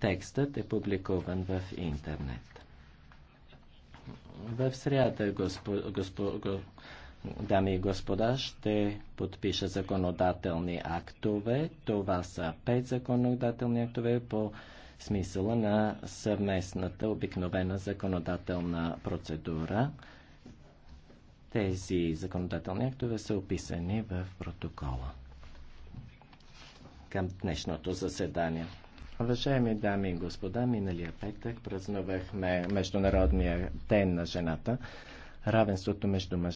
Текстът е публикуван в интернет. В среда, госпо, госпо, го, дами и господа, ще подпиша законодателни актове. Това са пет законодателни актове по смисъла на съвместната обикновена законодателна процедура. Тези законодателни актове са описани в протокола към днешното заседание. Уважаеми дами и господа, миналия петък празнувахме Международния ден на жената, равенството между мъжете